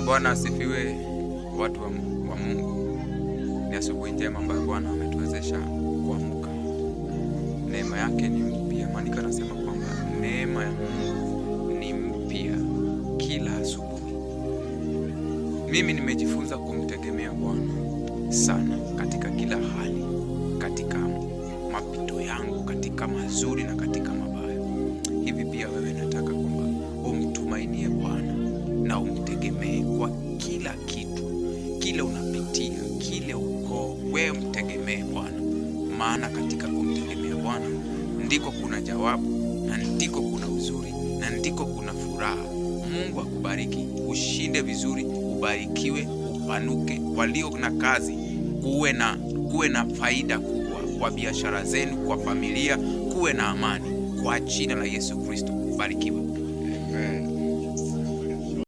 Bwana asifiwe, watu wa, wa Mungu. Ni asubuhi njema ambayo Bwana ametuwezesha kuamka, neema yake ni mpya. Maandiko anasema kwamba neema ya Mungu ni mpya kila asubuhi. Mimi nimejifunza kumtegemea Bwana sana katika kila hali, katika mapito yangu, katika mazuri na katika mabaya. kila kitu, kile unapitia, kile uko wewe, mtegemee Bwana, maana katika kumtegemea Bwana ndiko kuna jawabu na ndiko kuna uzuri na ndiko kuna furaha. Mungu akubariki, ushinde vizuri, ubarikiwe, upanuke. Walio na kazi, kuwe na kuwe na faida kubwa kwa biashara zenu, kwa familia, kuwe na amani kwa jina la Yesu Kristo. Ubarikiwe. Amen.